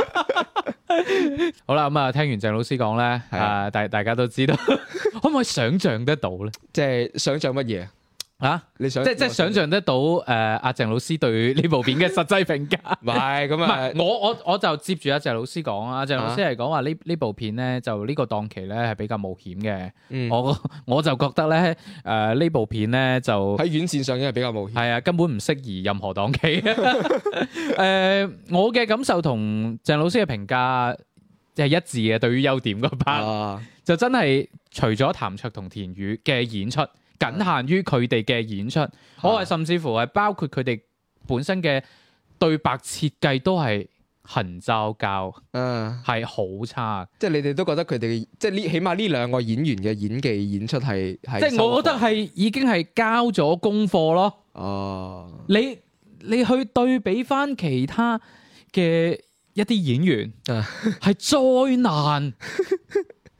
好啦，咁啊，聽完鄭老師講咧，的啊，大家大家都知道， 可唔可以想象得到咧？即係想象乜嘢？啊！你想即係即係想象得到誒，阿、呃、鄭老師對呢部片嘅實際評價，係咁啊！係我我我就接住阿鄭老師講啊，阿鄭老師係講話呢呢部片咧就個檔，呢個檔期咧係比較冒險嘅。嗯、我我就覺得咧誒呢、呃、部片咧就喺院線上已經係比較冒險，係啊，根本唔適宜任何檔期。誒、 啊，我嘅感受同鄭老師嘅評價即係一致嘅，對於優點嗰 part、啊、就真係除咗譚卓同田雨嘅演出。僅限於佢哋嘅演出，我係、啊、甚至乎係包括佢哋本身嘅對白設計都係恆皺膠，嗯、啊，係好差。即係你哋都覺得佢哋，即係呢起碼呢兩個演員嘅演技演出係，即係我覺得係已經係交咗功課咯。哦、啊，你你去對比返其他嘅一啲演員，係災、啊、 難。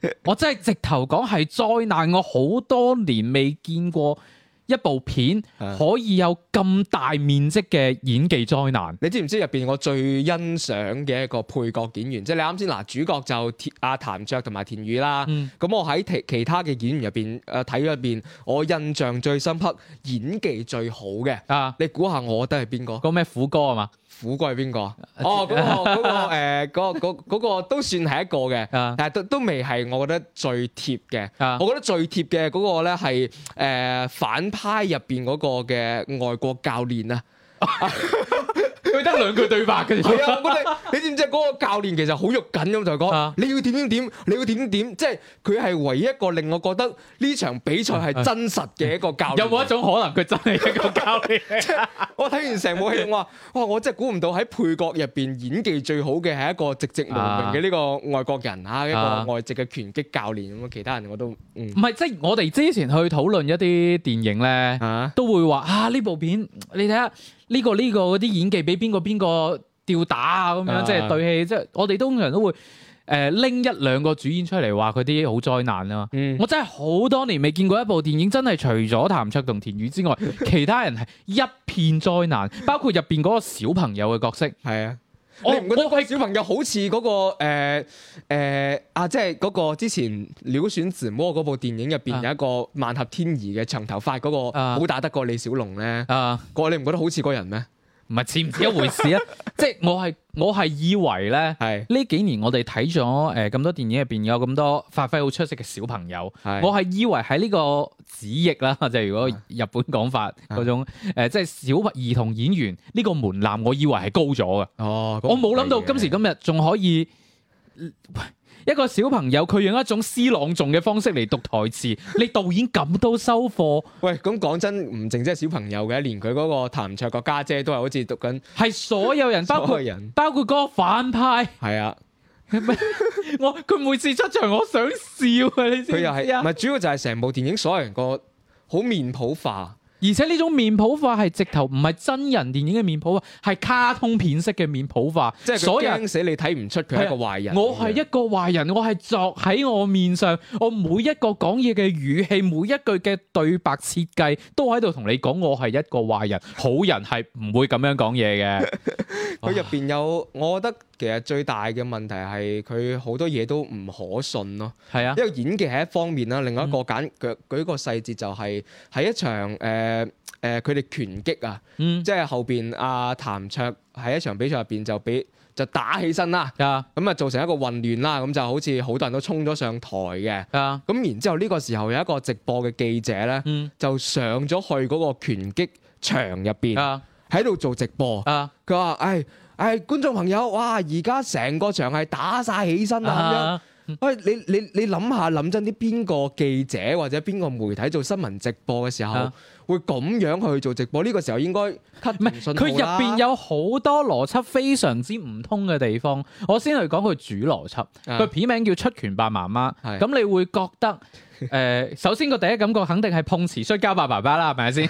我真係直頭講係災難，我好多年未見過一部片可以有咁大面積嘅演技災難。 你知唔知入邊我最欣賞嘅一個配角演員？即、就、係、是、你啱先嗱，主角就阿譚卓同埋田宇啦。咁、嗯、我喺其他嘅演員入邊誒睇咗入邊，我印象最深刻、演技最好嘅啊，嗯、你估下我覺得係邊個、啊那個？個咩虎哥啊嘛。虎貴係邊個？哦、嗰個，嗰、呃嗰個嗰、嗰個誒，嗰、嗰個都算係一個嘅，但係都都未係我覺得最貼嘅。 我覺得最貼嘅嗰個咧係誒反派入邊嗰個嘅外國教練啊。 得兩句對白嘅啫。係啊， 你知唔知嗰個教練其實好肉緊咁就講、係，你要點點點，你要點點點，即係佢係唯一一個令我覺得呢場比賽係真實嘅一個教練。嗯嗯、有冇一種可能佢真係一個教練？ 我睇完成部戲，我話：哇！我真係估唔到喺配角入邊演技最好嘅係一個籍籍無名嘅呢個外國人啊，一個外籍嘅拳擊教練，咁其他人我都唔係，即係我哋之前去討論一啲電影咧，啊、都會話：啊呢部片，你睇下。呢個呢個啲演技俾邊個邊個吊打啊咁樣，即係對戲、啊、即係我哋通常都會誒拎、呃、一兩個主演出嚟話佢啲好災難啊！嗯、我真係好多年未見過一部電影真係除咗譚卓同田雨之外，其他人係一片災難， 包括入邊嗰個小朋友嘅角色。係啊。你唔覺得個小朋友好似嗰、那個誒誒、呃呃、啊？即係嗰個之前《鳥選自魔》嗰部電影入邊有一個萬合天宜嘅長頭髮嗰個好打得過李小龍咧？啊、呃，個、呃、你唔覺得好似個人咩？唔係似唔似一回事啊！ 即係我係我係以為咧，係呢是幾年我哋睇咗誒咁多電影入邊有咁多發揮好出色嘅小朋友，是我係以為喺呢個子役啦，就如果日本講法嗰是種、呃、即係小兒童演員呢、這個門檻，我以為係高咗嘅。哦，那個、我冇諗到今時今日仲可以。的一個小朋友佢用一種詩朗誦嘅方式嚟讀台詞，你導演咁都收貨？喂，咁講真，唔淨係小朋友嘅，連佢嗰個譚卓個家姐、姐都係好似讀緊，係所有人，包括人，包括嗰個反派，係啊，我佢 每次出場，我想笑啊，你知佢又係，唔係主要就係成部電影所有人個好面譜化。而且呢種面譜化係直頭唔係真人電影嘅面譜化，係卡通片式嘅面譜化，即係佢驚死你睇唔出佢係一,一個壞人。我係一個壞人，我係作喺我面上，我每一個講嘢嘅語氣，每一句嘅對白設計，都喺度同你講我係一個壞人，好人係唔會咁樣講嘢嘅。佢入邊有，我覺得。其實最大嘅問題係佢好多嘢都唔可信咯。係啊，因為演技係一方面啦，另外一個揀佢舉個細節就係喺一場誒誒佢哋拳擊啊，即係後邊阿譚卓喺一場比賽入邊就俾就打起身啦。啊，咁啊造成一個混亂啦，咁就好似好多人都衝咗上台嘅。啊，咁然之後呢個時候有一個直播嘅記者呢，就上咗去嗰個拳擊場入邊，喺度做直播。啊，佢話唉。誒、哎，觀眾朋友，哇！而家成個場係打晒起身啊。喂、哎，你你你諗下，諗真啲邊個記者或者邊個媒體做新聞直播嘅時候，啊、會咁樣去做直播？呢、呢個時候應該 cut 唔佢，入邊有好多邏輯非常之唔通嘅地方。我先去講佢主邏輯。佢片名叫《出拳吧，媽媽》啊，咁你會覺得。誒、呃，首先個第一感覺肯定係碰瓷摔跤吧爸爸爸啦，係咪先？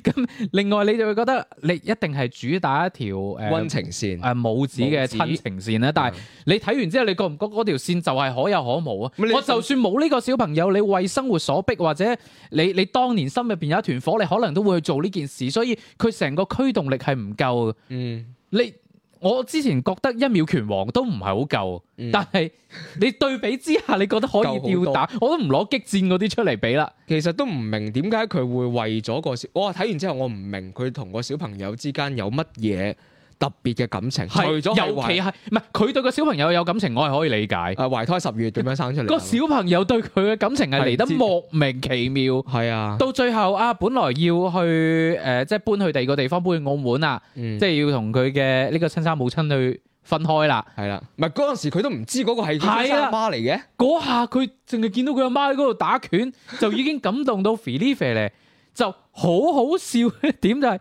咁 另外你就會覺得你一定係主打一條誒温情線，誒、啊、母子嘅親情線咧。子但係你睇完之後你，你覺唔覺嗰條線就係可有可無啊？嗯、我就算冇呢個小朋友，你為生活所逼，或者你你當年心入邊有一團火，你可能都會去做呢件事。所以佢成個驅動力係唔夠嘅。嗯，你。我之前覺得一秒拳王都唔係好夠，嗯、但係你對比之下，你覺得可以吊打？我都唔攞激戰嗰啲出嚟比啦。其實都唔明點解佢會為咗個小，我、哦、睇完之後我唔明佢同個小朋友之間有乜嘢特別嘅感情，係是尤其係唔係佢對個小朋友有感情，我係可以理解。誒，懷胎十月點樣生出嚟？個小朋友對佢嘅感情係嚟得莫名其妙。係啊的，到最後啊，本來要去誒、呃，即係搬去第二個地方，搬去澳門啊，嗯、即係要同佢嘅呢個親生母親去分開啦。係啦，唔係嗰陣時佢都唔知嗰個係親生阿媽嚟嘅。嗰下佢淨係見到佢阿媽喺嗰度打拳， 就已經感動到 feel 咧，就好好笑。點就係。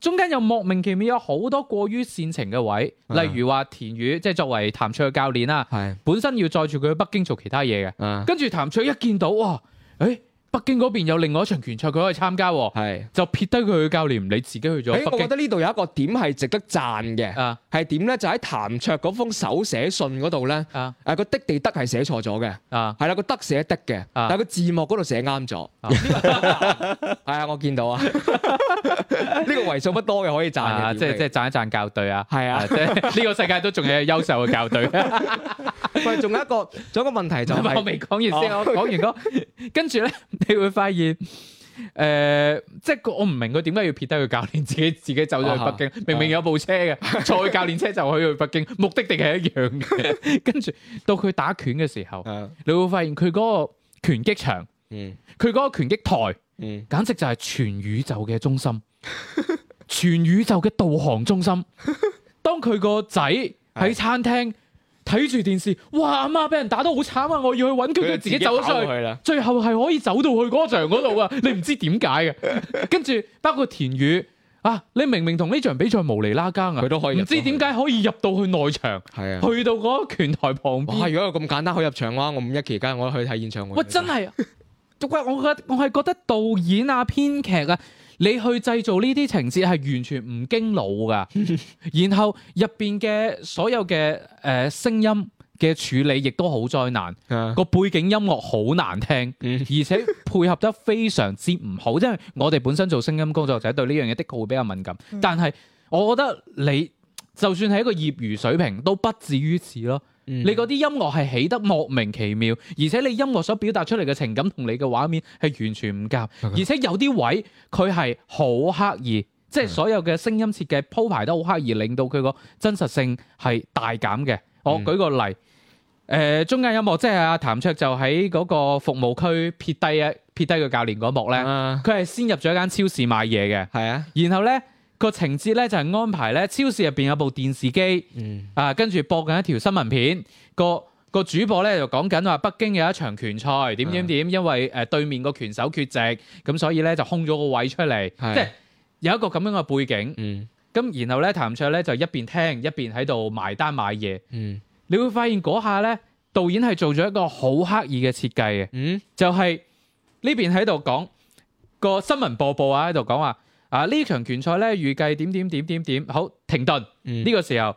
中間又莫名其妙有好多過於煽情嘅位，嗯、例如話田雨即係作為譚卓嘅教練的，本身要載住佢去北京做其他嘢嘅，嗯、跟住譚卓一見到，哇，誒！北京嗰邊有另外一場拳賽，佢可以參加喎，就撇低佢嘅教練，你自己去咗。我覺得呢度有一個點係值得讚嘅，係點咧？就喺譚卓嗰封手寫信嗰度咧，誒個的地得係寫錯咗嘅，係啦個得寫的嘅，但係個字幕嗰度寫啱咗。係啊，我見到啊，呢個為數不多嘅可以讚嘅，即係即係讚一讚校對啊。係啊，即係呢個世界都仲有優秀嘅校對。喂，仲有一個仲有一個問題就係我未講完先，我講完跟住咧。你會發現，誒、呃，即係我唔明佢點解要撇低佢教練，自己自己走咗去北京。啊啊、明明有部車嘅，啊、坐去教練車就可以去北京，目的地係一樣嘅。啊、跟住到佢打拳嘅時候，啊、你會發現佢嗰個拳擊場，佢嗰、嗯、個拳擊台，嗯、簡直就係全宇宙嘅中心，啊啊、全宇宙嘅導航中心。當佢個仔喺餐廳，睇住電視，哇！阿媽俾人打得好慘啊！我要去揾佢，佢自己走咗出去。去最後係可以走到去嗰場嗰度噶， 你唔知點解嘅。 跟住，包括田宇，啊，你明明同呢場比賽無厘拉更啊，佢都可以唔知點解可以入到去內場，係 啊，去到嗰拳台旁邊。係，如果有咁簡單可以入場嘅話，我五一期間我都去睇演唱會。我場真係， 我我我係覺得導演啊、編劇啊。你去製造呢啲情節係完全唔經腦㗎， 然後入邊嘅所有嘅誒聲音嘅處理亦都好災難，個 背景音樂好難聽， 而且配合得非常之唔好。即係我哋本身做聲音工作者對呢樣嘢的確會比較敏感， 但係我覺得你就算係一個業餘水平都不至於此咯。你嗰啲音樂係起得莫名其妙，而且你音樂所表達出嚟嘅情感同你嘅畫面係完全唔夾，Okay. 而且有啲位佢係好刻意，即、就、係、是、所有嘅聲音設計鋪排得好刻意，令到佢個真實性係大減嘅。我舉個例，誒、嗯呃、中間音樂即係阿譚卓就喺嗰個服務區撇低啊撇低個教練嗰幕咧，佢係、uh，先入咗一間超市買嘢嘅，係啊，然後咧。個情節咧就係安排咧，超市入邊有部電視機，嗯、啊，跟住播緊一條新聞片，個個主播咧就講緊話北京有一場拳賽，點點點，嗯、因為誒對面個拳手缺席，咁所以咧就空咗個位出嚟，嗯、即係有一個咁樣嘅背景。咁、嗯、然後咧，譚卓咧就一邊聽一邊喺度埋單買嘢。嗯，你會發現嗰下咧，導演係做咗一個好刻意嘅設計嘅，嗯，就係呢邊喺度講個新聞播報啊，喺度講話。啊！呢場拳賽咧預計點點點點點，好停頓。呢、嗯、個時候，誒、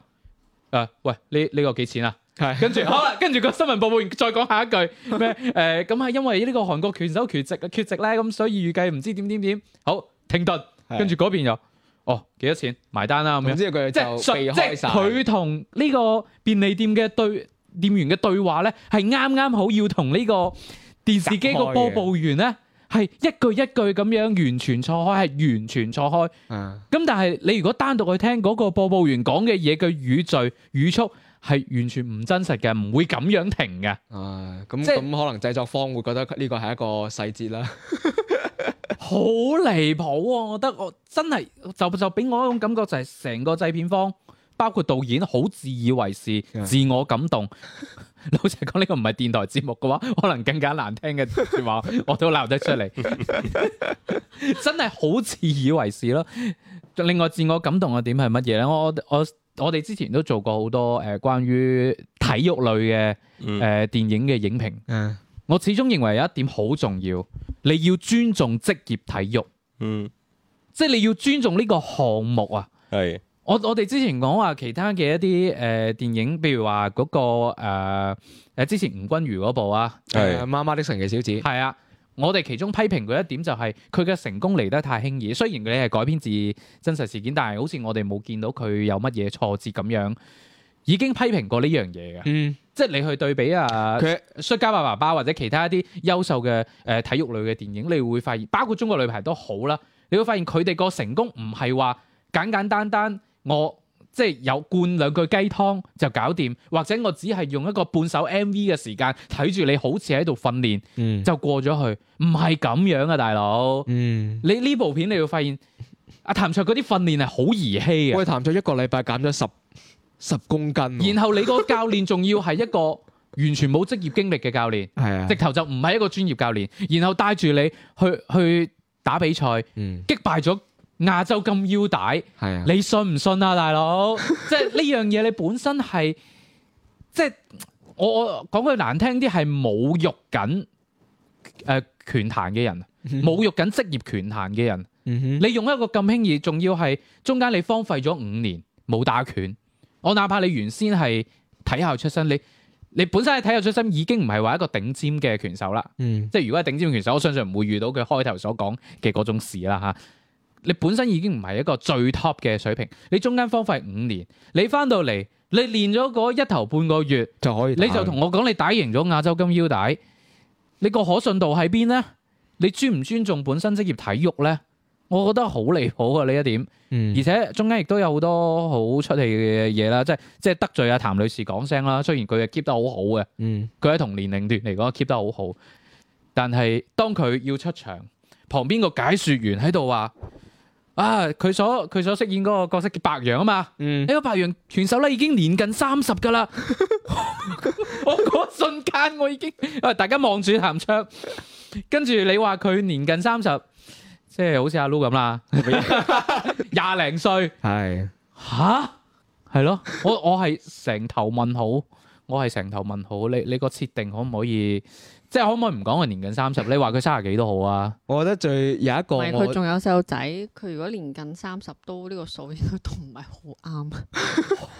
呃、喂，你呢、這個幾錢啊？係是跟住好啦， 跟住個新聞報幕員再講下一句咩？誒咁係因為呢個韓國拳手缺席嘅缺席咧，咁所以預計唔知點點點。好停頓，是跟住嗰邊又，哦幾多錢埋單啦咁樣？唔知佢即係佢同呢個便利店嘅對店員嘅對話咧，係啱啱好要同呢個電視機個報幕員咧。係一句一句咁樣完全錯開，係完全錯開。咁、嗯、但係你如果單獨去聽嗰個播報員講嘅嘢嘅語序、語速，係完全唔真實嘅，唔會咁樣停嘅。啊、嗯，咁咁即可能製作方會覺得呢個係一個細節啦。好離譜啊！我覺得我真係就就俾我一種感覺就係成個製片方。包括導演好自以為是、自我感動。 老實講，呢、這個唔係電台節目嘅話，可能更加難聽嘅說話我都鬧得出嚟。 真係好自以為是咯。另外，自我感動嘅點係乜嘢呢？我我我哋之前都做過好多誒關於體育類嘅誒、嗯呃、電影嘅影評。嗯，我始終認為有一點好重要，你要尊重職業體育。嗯，即係你要尊重呢個項目啊。係。我我哋之前講話其他嘅一啲誒電影，譬如話嗰個誒之前吳君如嗰部啊，《媽媽的神奇小子》係啊，我哋其中批評佢一點就係佢嘅成功嚟得太輕易，雖然佢係改編自真實事件，但係好似我哋冇見到佢有乜嘢挫折咁樣，已經批評過呢樣嘢嘅。嗯，即係你去對比啊《摔跤吧爸爸》或者其他一啲優秀嘅誒體育類嘅電影，你會發現包括中國女排都好啦，你會發現佢哋個成功唔係話簡簡單單。我即係有灌兩句雞湯就搞掂，或者我只係用一個半首 M V 嘅時間睇住你好似喺度訓練，嗯、就過咗去，唔係咁樣啊，大佬。嗯、你呢部片你會發現，阿、啊、譚卓嗰啲訓練係好兒戲嘅。喂，譚卓一個禮拜減咗十十公斤，然後你個教練仲要係一個完全冇職業經歷嘅教練，係啊、嗯，嗯、直頭就唔係一個專業教練，然後帶住你去去打比賽，擊敗咗，亞洲金腰帶，的你信唔信啊，大佬？ 即係呢樣嘢，你本身係即係我我講句難聽啲，係侮辱緊誒、呃、拳壇嘅人， 侮辱緊職業拳壇嘅人。 你用一個咁輕易，仲要係中間你荒廢咗五年冇打拳。我哪怕你原先係體校出身，你你本身係體校出身，已經唔係話一個頂尖嘅拳手啦。 即係如果係頂尖拳，拳手，我相信唔會遇到佢開頭所講嘅嗰種事啦嚇。你本身已經唔係一個最 top 嘅水平，你中間荒廢五年，你翻到嚟，你練咗嗰一頭半個月就可以，你就同我講你打贏咗亞洲金腰帶，你個可信度喺邊呢？你尊唔尊重本身職業體育呢？我覺得好離譜啊！呢一點，而且中間亦都有好多好出戲嘅嘢啦，即係得罪阿、啊、譚女士講聲啦。雖然佢係 keep 得好好嘅，嗯，佢喺同年齡段嚟講 keep 得好好，但係當佢要出場，旁邊個解説員喺度話。啊！佢所佢所飾演嗰個角色叫白羊啊嘛，呢個、嗯哎、白羊拳手咧已經年近三十噶啦， 我嗰、那個、瞬間我已經，大家望住譚卓，跟住你話佢年近三十，即係好似阿 Lu 咁啦，廿零歲，係、 啊，吓，係咯，我我係成頭問號。我係成頭問號，你你個設定可唔可以，即係可唔可以唔講佢年近三十，你話佢三十幾都好啊？我覺得最有一個，佢仲有細路仔，佢如果年近三十都呢、這個數，應該都唔係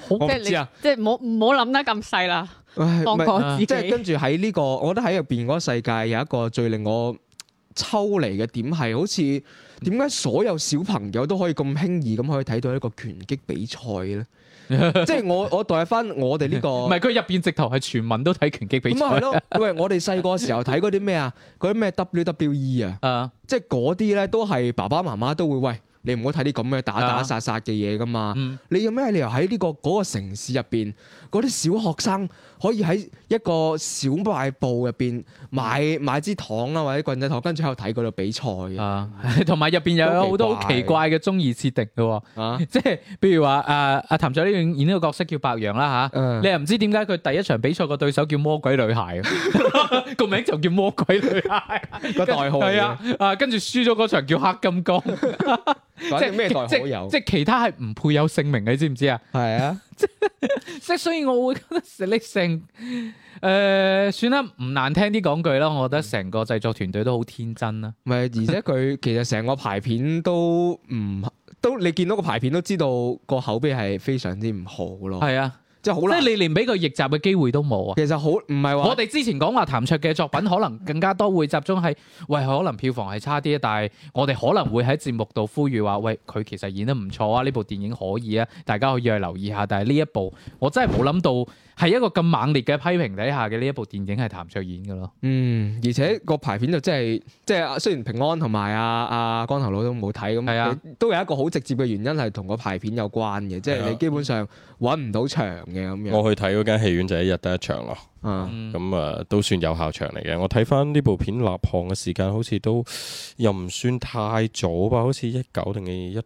好啱。我知啊， 即係唔好唔好諗得咁細啦。唔係，即係唉跟住喺呢個，我覺得喺入邊嗰個世界有一個最令我抽離嘅點係，好似點解所有小朋友都可以咁輕易咁可以睇到一個拳擊比賽咧？ 即係我我代翻我哋呢個，唔係佢入邊直頭係全民都睇拳擊比賽。咁啊係咯，喂，我哋細個時候睇嗰啲咩啊，嗰啲咩 WWE 啊，即係嗰啲咧都係爸爸媽媽都會喂，你唔好睇啲咁嘅打打殺殺嘅嘢噶嘛。Uh。你有咩理由喺呢個嗰個城市入邊，嗰啲小學生可以喺？一個小賣部入邊買買支糖啦、啊，或者棍仔糖，跟住喺睇嗰度比賽嘅，同埋入邊又有好多好奇怪嘅中二設定嘅，即係、啊、比如話，誒阿譚卓演呢個角色叫白楊啦吓，啊嗯、你又唔知點解佢第一場比賽個對手叫魔鬼女孩，個 名就叫魔鬼女孩，個 代號係啊，啊跟住輸咗嗰場叫黑金剛，反正咩代號有，即係 其、其他係唔配有姓名嘅，你知唔知啊？係啊。即 所以我會覺得食成，誒、呃，算啦，唔難聽啲講句啦，我覺得成個製作團隊都好天真啦。唔係、嗯，而且佢其實成個排片都唔， 都你見到個排片都知道個口碑係非常之唔好咯。係啊。即係好難，即係你連俾佢逆襲嘅機會都冇啊！其實好唔係話，我哋之前講話譚卓嘅作品可能更加多會集中喺喂，可能票房係差啲啊，但係我哋可能會喺節目度呼籲話，喂，佢其實演得唔錯啊，呢部電影可以啊，大家可以去留意下。但係呢一部我真係冇諗到。係一個咁猛烈嘅批評底下嘅呢一部電影係譚卓演嘅咯。嗯，而且個排片就是，即係即係，雖然平安同埋阿阿光頭佬都冇睇，咁都、啊、有一個好直接嘅原因係同個排片有關嘅。啊、即係你基本上搵唔到場嘅咁樣。我去睇嗰間戲院就一日得一場咯。咁、嗯、啊都算有效場嚟嘅。我睇翻呢部片立項嘅時間好似都又唔算太早吧？好似一九定係一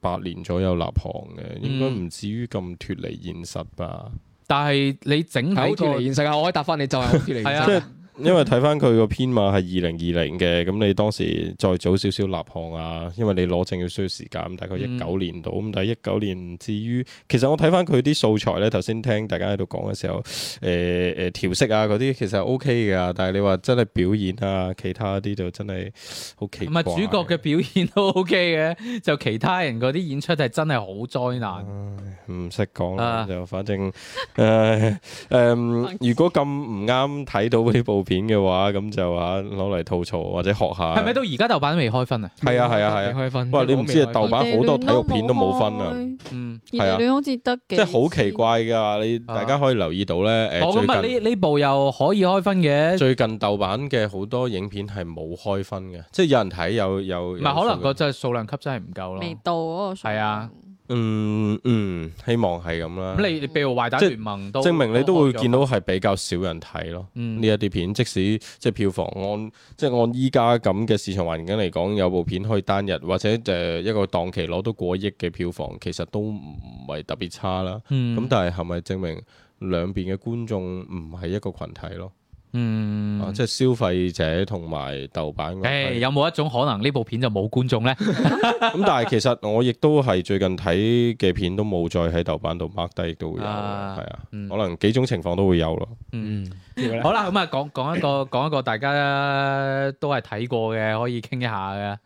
八年左右立項嘅，應該唔至於咁脫離現實吧？嗯但係你整體脫離現實，我可以答翻你就是， 就係好似脫離現嗯、因為睇翻佢個編碼係二零二零嘅，咁你當時再早少少立項啊，因為你攞證要需要時間，大概一九年到，咁、嗯、但係一九年至於，其實我睇翻佢啲素材呢，頭先聽大家喺度講嘅時候，誒、呃、誒、呃、調色啊嗰啲其實 O K 嘅，但係你話真係表演啊其他啲就真係好奇怪。唔係主角嘅表演都 O K 嘅，就其他人嗰啲演出係真係好災難。唔識講就反正誒誒，呃呃、 如果咁唔啱睇到呢部片嘅話咁就話攞嚟吐槽或者學下，係咪到而家豆瓣都未開分啊？係啊係啊係啊，開分。喂，你唔知啊，豆瓣好多體育片都冇分啊。嗯，異地戀好似得，嘅。即係好奇怪噶。你大家可以留意到咧。我諗，呢呢部又可以開分嘅。最近豆瓣嘅好多影片係冇開分嘅，即係有人睇有有。唔係可能個真係數量級真係唔夠咯，未到嗰個。係啊。嗯嗯，希望係咁啦。咁你你譬如《壞蛋聯盟》都證明你都會見到係比較少人睇咯。嗯，呢一啲片，即使即係票房按即係按依家咁嘅市場環境嚟講，有部片可以單日或者誒一個檔期攞到過億嘅票房，其實都唔係特別差啦。嗯，咁但係係咪證明兩邊嘅觀眾唔係一個群體咯？嗯，即係消費者同埋豆瓣。誒，有冇一種可能呢部片就冇觀眾咧？咁但係其實我亦都係最近睇嘅片都冇再喺豆瓣度 mark 低，都會有係啊。可能幾種情況都會有咯。嗯，好啦，咁啊，講講一個講一個，大家都係睇過嘅，可以傾一下嘅。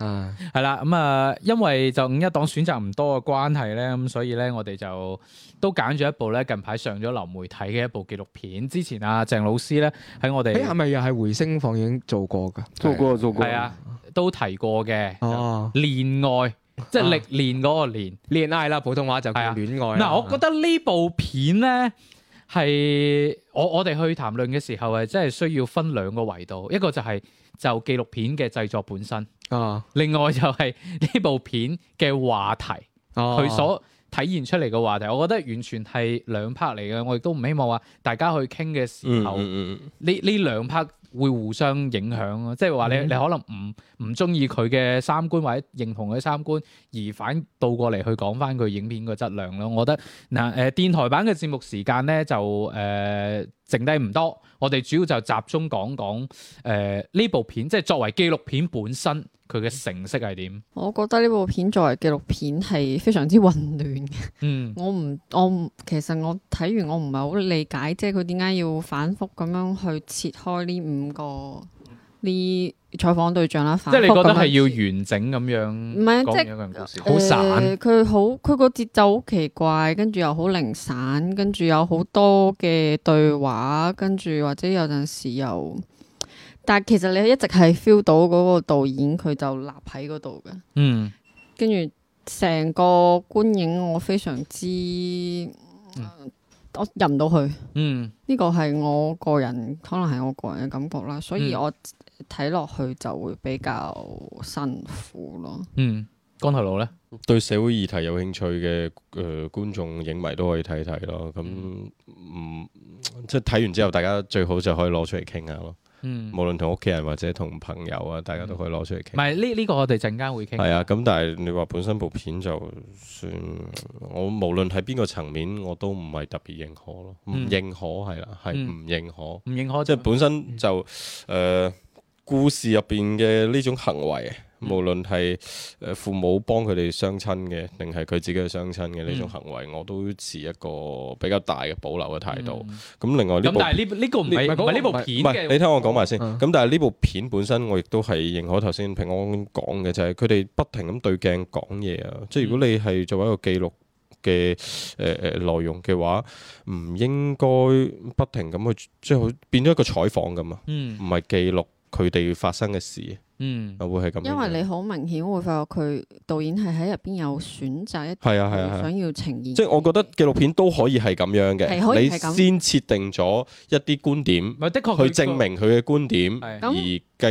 係啦，咁啊，因為就五一檔選擇唔多嘅關係咧，咁所以咧，我哋就都揀咗一部咧近排上咗流媒體嘅一部紀錄片。之前阿鄭老師咧係我。我哋誒係咪又係回聲放映做過㗎、啊？做過做過，係啊，都提過嘅哦。戀、啊、愛即係歷練嗰個戀戀愛啦，普通話就叫戀愛嗱。啊、我覺得呢部片咧係我我哋去談論嘅時候，係真係需要分兩個維度，一個就係就紀錄片嘅製作本身啊，另外就係呢部片嘅話題佢、啊、所。體現出嚟嘅話題，我覺得完全係兩 part 嚟嘅，我亦都唔希望話大家去傾嘅時候，呢呢兩 part 會互相影響咯，即係話你嗯嗯你可能唔唔中意佢嘅三觀或者認同佢三觀，而反倒過嚟去講翻佢影片嘅質量咯。我覺得嗱誒、呃、電台版嘅節目時間咧就誒、呃、剩低唔多，我哋主要就集中講講誒呢部片，即係作為紀錄片本身。佢嘅成色係點？我覺得呢部片作為紀錄片係非常之混亂嘅。嗯我，我唔，我唔，其實我睇完我唔係好理解，即係佢點解要反覆咁樣去切開呢五個呢採訪對象啦。反即係你覺得係要完整咁樣？唔係，呃，一個好散。佢好，佢個節奏好奇怪，跟住又好零散，跟住有好多嘅對話，跟住或者有陣時又。但係其實你一直係 feel 到嗰個導演佢就立喺嗰度嘅，跟住成個觀影我非常之、呃嗯、我入唔到去，呢個係我個人可能係我個人嘅感覺啦，所以我睇落去就會比較辛苦咯。嗯，光頭佬呢，對社會議題有興趣嘅誒、呃、觀眾影迷都可以睇睇咯。咁唔即係睇完之後，大家最好就可以攞出嚟傾下咯。嗯，無論同屋企人或者同朋友啊，大家都可以攞出嚟傾。唔係呢呢個我哋陣間會傾。係啊，咁但係你話本身部片就算，我無論喺邊個層面我都唔係特別認可咯。唔認可係啦，係唔認可。唔認可、嗯、即係本身就誒、呃、故事入邊嘅呢種行為。無論係誒父母幫佢哋相親嘅，定係佢自己去相親嘅呢種行為，嗯、我都持一個比較大嘅保留嘅態度。咁、嗯、另外，咁但係呢呢個唔係唔係呢部片你聽我講埋先。咁、嗯、但係呢部片本身，我亦都係認可，頭先平安講嘅，就係佢哋不停咁對鏡講嘢啊。嗯、即係如果你係作為一個記錄嘅誒誒內容嘅話，唔應該不停咁去即係變咗一個採訪咁啊。唔係、嗯、記錄佢哋發生嘅事。嗯，會係咁。因為你好明顯會發覺佢導演係喺入邊有選擇一係啊係啊，想要呈現。嗯嗯、即係我覺得紀錄片都可以係咁樣嘅，嗯、你先設定咗一啲觀,觀點，去證明佢嘅觀點，而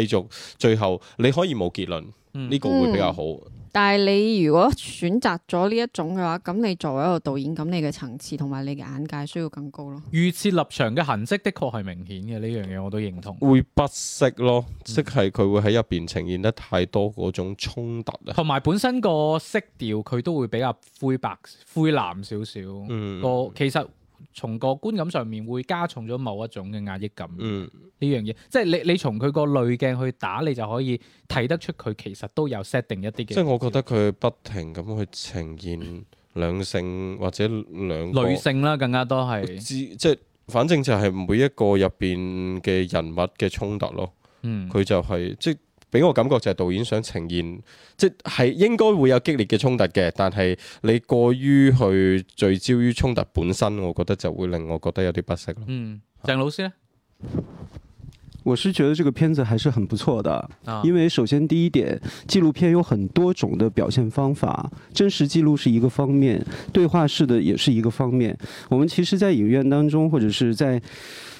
繼續最後你可以冇結論，呢個會比較好。嗯但係你如果選擇咗呢一種嘅話，咁你作為一個導演，咁你嘅層次同埋你嘅眼界需要更高咯。預設立場嘅痕跡，的確係明顯嘅，呢樣嘢我都認同。會不適咯，嗯、即係佢會喺入邊呈現得太多嗰種衝突啊，同埋本身個色調佢都會比較灰白、灰藍少少。嗯，個其實。從個觀感上面會加重咗某一種嘅壓抑感，呢、嗯、樣嘢，即係你你從佢個濾鏡去打，你就可以睇得出佢其實都有 set 定一啲嘅。即係我覺得佢不停咁去呈現兩性或者兩女性啦，更加多係。即係反正就係每一個入邊嘅人物嘅衝突咯。嗯，佢就係、是、即。俾我感覺就係導演想呈現，即係應該會有激烈嘅衝突嘅，但係你過於去聚焦於衝突本身，我覺得就會令我覺得有啲不適咯。嗯，鄭老師呢？我是覺得這個片子還是很不錯的，因為首先第一點，紀錄片有很多種的表現方法，真實記錄是一個方面，對話式的也是一個方面。我們其實，在影院當中或者是在。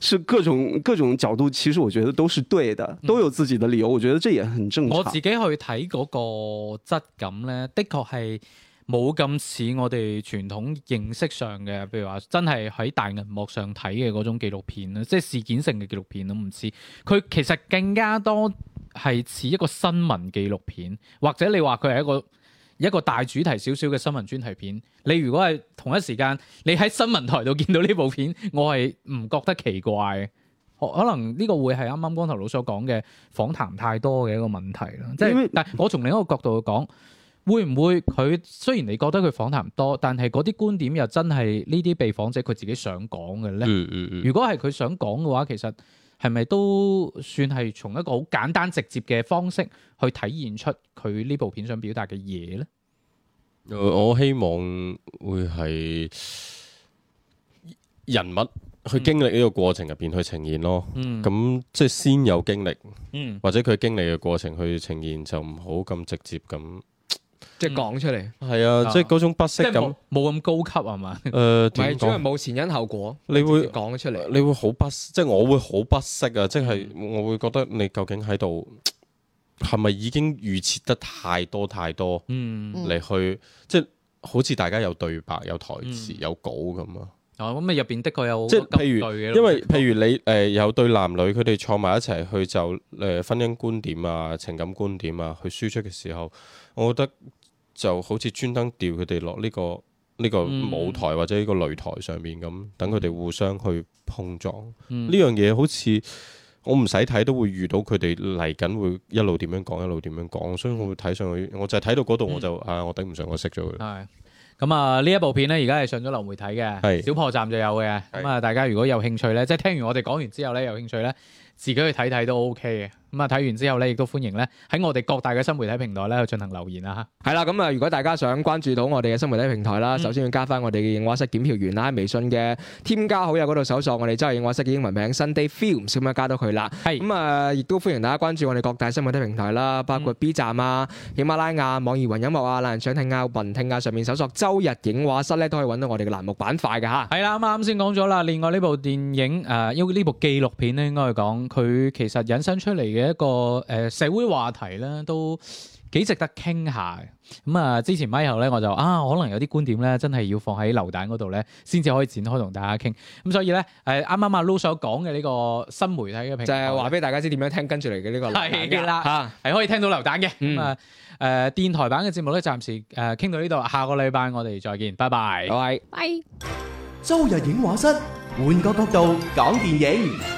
是各種各種角度，其實我覺得都是對的，都有自己的理由。我覺得這也很正常。我自己去睇嗰個質感呢，的確係冇咁似我哋傳統認識上嘅，譬如話真係喺大銀幕上睇嘅嗰種紀錄片啦，即係事件性嘅紀錄片都唔似，佢其實更加多係似一個新聞紀錄片，或者你話佢係一個。一個大主題少少嘅新聞專題片，你如果係同一時間，你喺新聞台度見到呢部片，我係唔覺得奇怪。可能呢個會係啱啱光頭佬所講嘅訪談太多嘅一個問題啦。即係，但我從另一個角度講，會唔會佢雖然你覺得佢訪談多，但係嗰啲觀點又真係呢啲被訪者佢自己想講嘅呢？如果係佢想講嘅話，其實。係咪都算係從一個好簡單直接嘅方式去體現出佢呢部片想表達嘅嘢呢、呃？我希望會係人物去經歷呢個過程入邊去呈現咯。咁、嗯、即係先有經歷，嗯、或者佢經歷嘅過程去呈現，就唔好咁直接咁。即係講出嚟，係啊，即係嗰種不適感，冇咁高級係嘛？誒，唔係，因為冇前因後果，你會講出嚟，你會好不，即係我會好不適啊！即係我會覺得你究竟喺度係咪已經預設得太多太多？嗯，嚟去即係好似大家有對白、有台詞、有稿咁啊。啊，咁啊，入邊的確有，即係譬如，因為譬如你誒有對男女，佢哋坐埋一齊去就誒婚姻觀點啊、情感觀點啊去輸出嘅時候，我覺得。就好似專登調佢哋落呢個呢、呢個舞台或者呢個擂台上面咁，等佢哋互相去碰撞。呢、嗯、樣嘢好似我唔使睇都會遇到佢哋嚟緊，會一路點樣講，一路點樣講，所以我會睇上去，我就係睇到嗰度我就、嗯、啊，我頂唔上我識，我熄咗佢。係咁啊，呢一部片呢而家係上咗流媒體嘅，是小破站就有嘅。咁啊是，大家如果有興趣呢，是即係聽完我哋講完之後呢，有興趣呢。自己去睇睇都 OK 嘅，咁啊睇完之後咧，亦都歡迎咧喺我哋各大嘅新媒體平台咧去進行留言啦、啊、嚇。係啦，咁啊，如果大家想關注到我哋嘅新媒體平台啦，嗯、首先要加翻我哋嘅映畫室檢票員啦，喺、嗯、微信嘅添加好友嗰度搜索我哋周日映畫室嘅英文名 Sunday Films 咁樣加到佢啦。係的，咁啊、嗯，亦都歡迎大家關注我哋各大新媒體平台啦，包括 B 站啊、嗯、喜馬拉雅、網易雲音樂啊、懶人聽書啊、雲聽啊，上面搜索周日映畫室咧都可以揾到我哋嘅欄目版塊嘅嚇。係啦，啱啱先講咗啦，另外呢部電影誒，呢、呃、部紀錄片咧應該係講。佢其實引申出嚟嘅一個誒、呃、社會話題咧，都幾值得傾下嘅。咁、嗯、啊，之前 Michael 咧，我就啊，可能有啲觀點咧，真係要放喺榴彈嗰度咧，先至可以展開同大家傾。咁所以咧，誒啱啱阿 Loo 所講嘅呢個新媒體嘅平台，就係話俾大家知點樣聽跟，跟住嚟嘅呢個錄音啦，係、啊、可以聽到榴彈嘅。咁啊、嗯，誒、嗯嗯、電台版嘅節目咧，暫時誒傾、呃、到呢度，下個禮拜我哋再見，拜拜，拜。周日映畫室換個角度講電影。